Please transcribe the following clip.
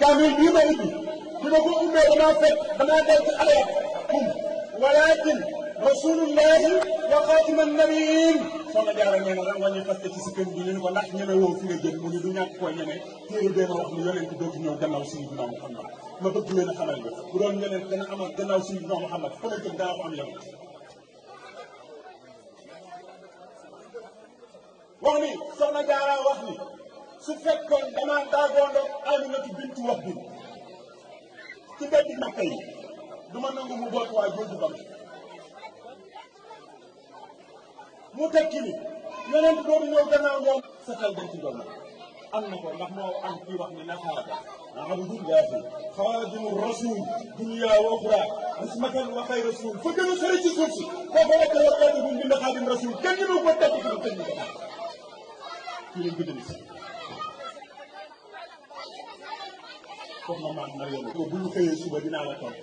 كامل بيما ربي كما قلت انه منافق كما قلت عليكم ولكن رسول الله وخاتم النبيين صلى الله عليه وسلم وني فاستي سي كن دي لين ولا خني نيو في لي جيم مو دي نياك كو ني مي تيري بينا واخ ني يولن كي دوت نيو غناو سيدنا محمد ما بغيت لينا خمال بي بودون نيلن كنا اما غناو سيدنا محمد فلنت دا فام يوم وامي صلى الله عليه وسلم su fekkon dama da gondo ay wax bi ci mbedd Makka yi du ma nangu mu boot waa jooju ba mu tekki ni yonent boobu ñëw gannaaw ñoom setal dañ ci doon am na ko ndax moo am kii wax ni naxaaba abdullahi xaadimu rasul dunya wa uxra ismatan wa xayra rasul fa gën a sori ci suuf si foofa la ko xaadimu bind xaadim rasul kenn ñu ko tekki ci lu tëj comme maman Mariama suba bu ñu xëyee suba dinaa la topp